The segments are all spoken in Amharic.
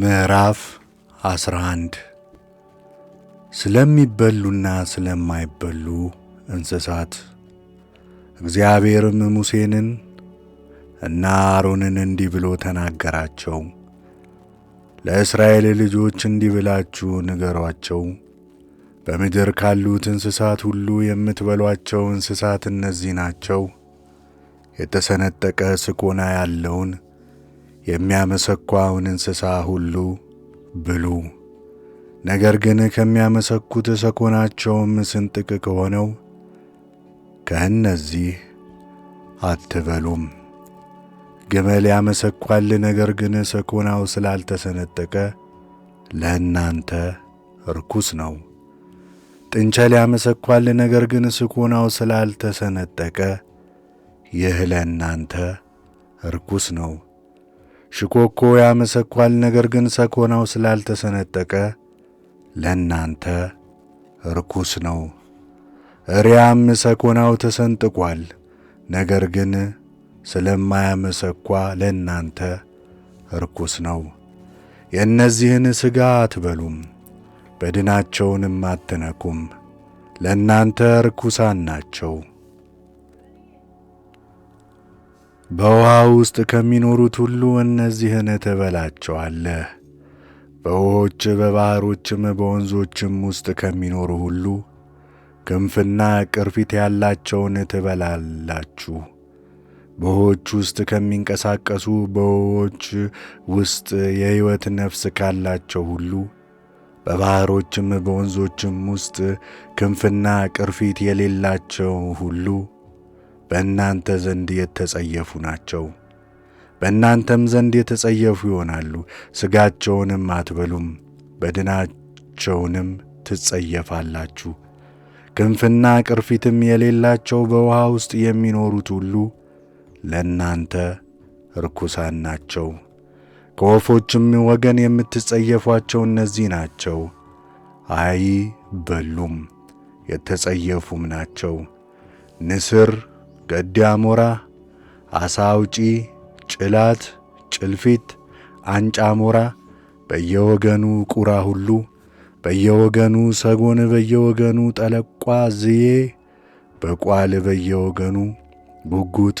ምዕራፍ 11 ስለሚበሉና ስለማይበሉ እንስሳት። እግዚአብሔርም ሙሴንን እና አሮንን እንዲህ ብሎ ተናገራቸው። ለእስራኤል ልጆች እንዲህ ብላችሁ ንገሯቸው፣ በምድር ካሉት እንስሳት ሁሉ የምትበሏቸው እንስሳት እነዚህ ናቸው። የተሰነጠቀ ስኮና ያለውን የሚያመሰኳውን እንስሳ ሁሉ ብሉ። ነገር ግን ከሚያመሰኩት ሰኮናቸውም ስንጥቅ ከሆነው ከእነዚህ አትበሉም። ግመል ያመሰኳል፣ ነገር ግን ሰኮናው ስላልተሰነጠቀ ለእናንተ ርኩስ ነው። ጥንቸል ያመሰኳል፣ ነገር ግን ሰኮናው ስላልተሰነጠቀ ይህ ለእናንተ ርኩስ ነው። ሽኮኮ ያመሰኳል፣ ነገር ግን ሰኮናው ስላልተሰነጠቀ ለእናንተ ርኩስ ነው። እሪያም ሰኮናው ተሰንጥቋል፣ ነገር ግን ስለማያመሰኳ ለእናንተ ርኩስ ነው። የእነዚህን ሥጋ አትበሉም፣ በድናቸውንም አትነኩም፣ ለእናንተ ርኩሳን ናቸው። በውሃ ውስጥ ከሚኖሩት ሁሉ እነዚህን ትበላቸዋለህ። በውሆች በባሕሮችም በወንዞችም ውስጥ ከሚኖሩ ሁሉ ክንፍና ቅርፊት ያላቸውን ትበላላችሁ። በውሆች ውስጥ ከሚንቀሳቀሱ በውሆች ውስጥ የሕይወት ነፍስ ካላቸው ሁሉ በባሕሮችም በወንዞችም ውስጥ ክንፍና ቅርፊት የሌላቸው ሁሉ በእናንተ ዘንድ የተጸየፉ ናቸው፣ በእናንተም ዘንድ የተጸየፉ ይሆናሉ። ሥጋቸውንም አትበሉም፣ በድናቸውንም ትጸየፋላችሁ። ክንፍና ቅርፊትም የሌላቸው በውሃ ውስጥ የሚኖሩት ሁሉ ለእናንተ ርኩሳን ናቸው። ከወፎችም ወገን የምትጸየፏቸው እነዚህ ናቸው። አይበሉም፣ የተጸየፉም ናቸው። ንስር ገዲ አሞራ፣ አሳውጪ አውጪ፣ ጭላት፣ ጭልፊት፣ አንጫ አሞራ፣ በየወገኑ ቁራ ሁሉ፣ በየወገኑ ሰጎን፣ በየወገኑ ጠለቋ፣ ዝዬ፣ በቋል፣ በየወገኑ ጉጉት፣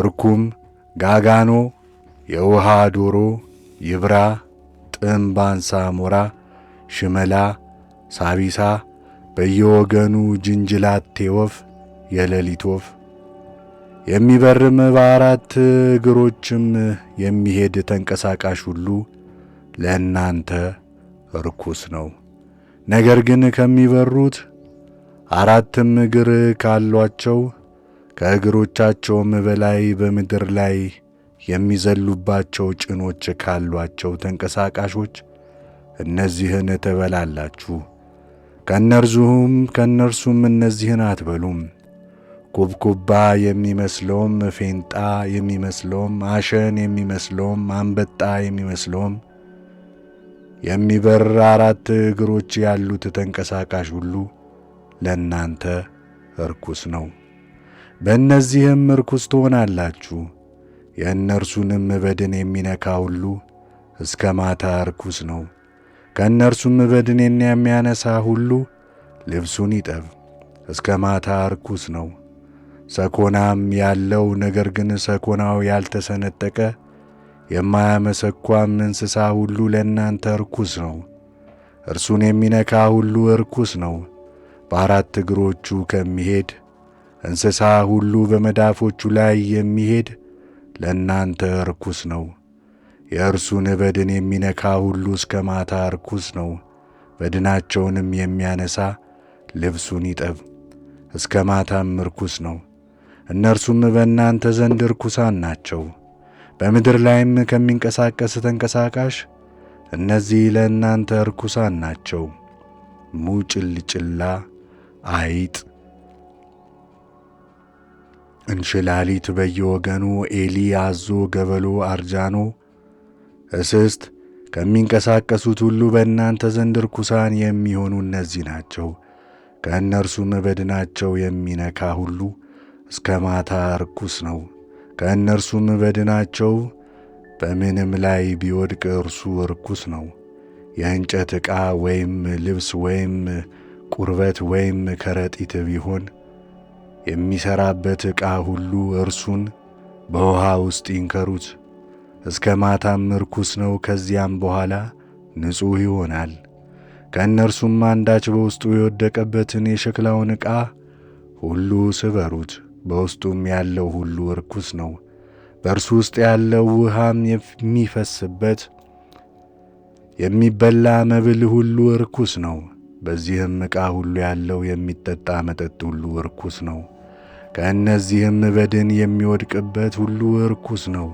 እርኩም፣ ጋጋኖ፣ የውሃ ዶሮ፣ ይብራ፣ ጥምባንሳ ሞራ ሽመላ፣ ሳቢሳ፣ በየወገኑ ጅንጅላቴ ወፍ የሌሊት ወፍ የሚበርም በአራት እግሮችም የሚሄድ ተንቀሳቃሽ ሁሉ ለእናንተ ርኩስ ነው። ነገር ግን ከሚበሩት አራትም እግር ካሏቸው ከእግሮቻቸውም በላይ በምድር ላይ የሚዘሉባቸው ጭኖች ካሏቸው ተንቀሳቃሾች እነዚህን ትበላላችሁ። ከእነርሱም ከእነርሱም እነዚህን አትበሉም። ኩብኩባ የሚመስለውም ፌንጣ የሚመስለውም አሸን የሚመስለውም አንበጣ የሚመስለውም የሚበር አራት እግሮች ያሉት ተንቀሳቃሽ ሁሉ ለእናንተ እርኩስ ነው። በእነዚህም እርኩስ ትሆናላችሁ። የእነርሱንም በድን የሚነካ ሁሉ እስከ ማታ እርኩስ ነው። ከእነርሱም በድን የሚያነሳ ሁሉ ልብሱን ይጠብ፣ እስከ ማታ እርኩስ ነው። ሰኮናም ያለው ነገር ግን ሰኮናው ያልተሰነጠቀ የማያመሰኳም እንስሳ ሁሉ ለእናንተ ርኩስ ነው። እርሱን የሚነካ ሁሉ ርኩስ ነው። በአራት እግሮቹ ከሚሄድ እንስሳ ሁሉ በመዳፎቹ ላይ የሚሄድ ለእናንተ ርኩስ ነው። የእርሱን በድን የሚነካ ሁሉ እስከ ማታ ርኩስ ነው። በድናቸውንም የሚያነሳ ልብሱን ይጠብ፣ እስከ ማታም ርኩስ ነው። እነርሱም በእናንተ ዘንድ ርኩሳን ናቸው። በምድር ላይም ከሚንቀሳቀስ ተንቀሳቃሽ እነዚህ ለእናንተ ርኩሳን ናቸው። ሙጭልጭላ፣ አይጥ፣ እንሽላሊት በየወገኑ፣ ኤሊ፣ አዞ፣ ገበሎ፣ አርጃኖ፣ እስስት ከሚንቀሳቀሱት ሁሉ በእናንተ ዘንድ ርኩሳን የሚሆኑ እነዚህ ናቸው። ከእነርሱም በድናቸው የሚነካ ሁሉ እስከ ማታ ርኩስ ነው። ከእነርሱም በድናቸው በምንም ላይ ቢወድቅ እርሱ ርኩስ ነው። የእንጨት ዕቃ ወይም ልብስ ወይም ቁርበት ወይም ከረጢት ቢሆን የሚሠራበት ዕቃ ሁሉ እርሱን በውሃ ውስጥ ይንከሩት፣ እስከ ማታም ርኩስ ነው። ከዚያም በኋላ ንጹሕ ይሆናል። ከእነርሱም አንዳች በውስጡ የወደቀበትን የሸክላውን ዕቃ ሁሉ ስበሩት። በውስጡም ያለው ሁሉ ርኩስ ነው። በእርሱ ውስጥ ያለው ውሃም የሚፈስበት የሚበላ መብል ሁሉ ርኩስ ነው። በዚህም ዕቃ ሁሉ ያለው የሚጠጣ መጠጥ ሁሉ ርኩስ ነው። ከእነዚህም በድን የሚወድቅበት ሁሉ ርኩስ ነው።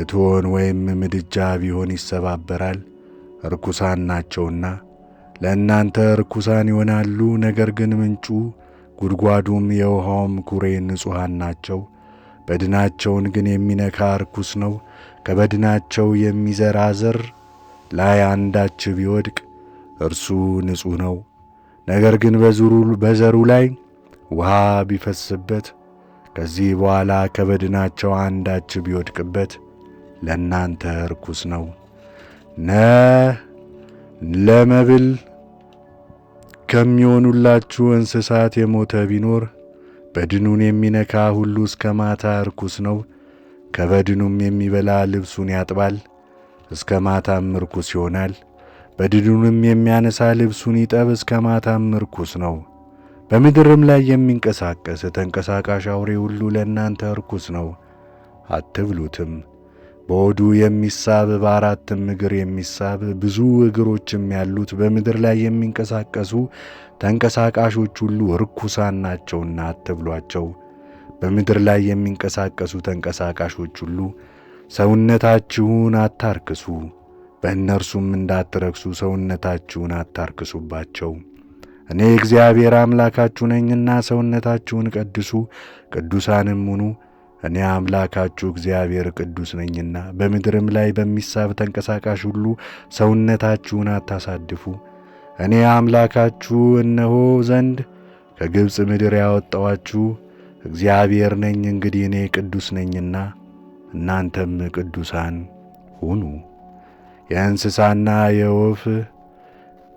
እቶን ወይም ምድጃ ቢሆን ይሰባበራል፣ ርኩሳን ናቸውና ለእናንተ ርኩሳን ይሆናሉ። ነገር ግን ምንጩ ጉድጓዱም የውኃውም ኩሬ ንጹሐን ናቸው። በድናቸውን ግን የሚነካ ርኩስ ነው። ከበድናቸው የሚዘራ ዘር ላይ አንዳች ቢወድቅ እርሱ ንጹሕ ነው። ነገር ግን በዘሩ ላይ ውሃ ቢፈስበት ከዚህ በኋላ ከበድናቸው አንዳች ቢወድቅበት ለእናንተ ርኩስ ነው ነ ለመብል ከሚሆኑላችሁ እንስሳት የሞተ ቢኖር በድኑን የሚነካ ሁሉ እስከ ማታ ርኩስ ነው። ከበድኑም የሚበላ ልብሱን ያጥባል፣ እስከ ማታም ርኩስ ይሆናል። በድኑንም የሚያነሳ ልብሱን ይጠብ፣ እስከ ማታም ርኩስ ነው። በምድርም ላይ የሚንቀሳቀስ ተንቀሳቃሽ አውሬ ሁሉ ለእናንተ ርኩስ ነው፣ አትብሉትም። በሆዱ የሚሳብ በአራትም እግር የሚሳብ ብዙ እግሮችም ያሉት በምድር ላይ የሚንቀሳቀሱ ተንቀሳቃሾች ሁሉ ርኩሳን ናቸውና አትብሏቸው። በምድር ላይ የሚንቀሳቀሱ ተንቀሳቃሾች ሁሉ ሰውነታችሁን አታርክሱ፣ በእነርሱም እንዳትረክሱ ሰውነታችሁን አታርክሱባቸው። እኔ እግዚአብሔር አምላካችሁ ነኝና ሰውነታችሁን ቀድሱ፣ ቅዱሳንም ሁኑ እኔ አምላካችሁ እግዚአብሔር ቅዱስ ነኝና፣ በምድርም ላይ በሚሳብ ተንቀሳቃሽ ሁሉ ሰውነታችሁን አታሳድፉ። እኔ አምላካችሁ እነሆ ዘንድ ከግብፅ ምድር ያወጣኋችሁ እግዚአብሔር ነኝ። እንግዲህ እኔ ቅዱስ ነኝና እናንተም ቅዱሳን ሁኑ። የእንስሳና የወፍ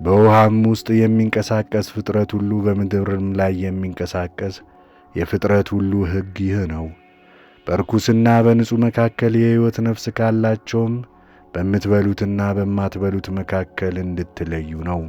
በውሃም ውስጥ የሚንቀሳቀስ ፍጥረት ሁሉ በምድርም ላይ የሚንቀሳቀስ የፍጥረት ሁሉ ሕግ ይህ ነው። በርኩስና በንጹሕ መካከል የሕይወት ነፍስ ካላቸውም በምትበሉትና በማትበሉት መካከል እንድትለዩ ነው።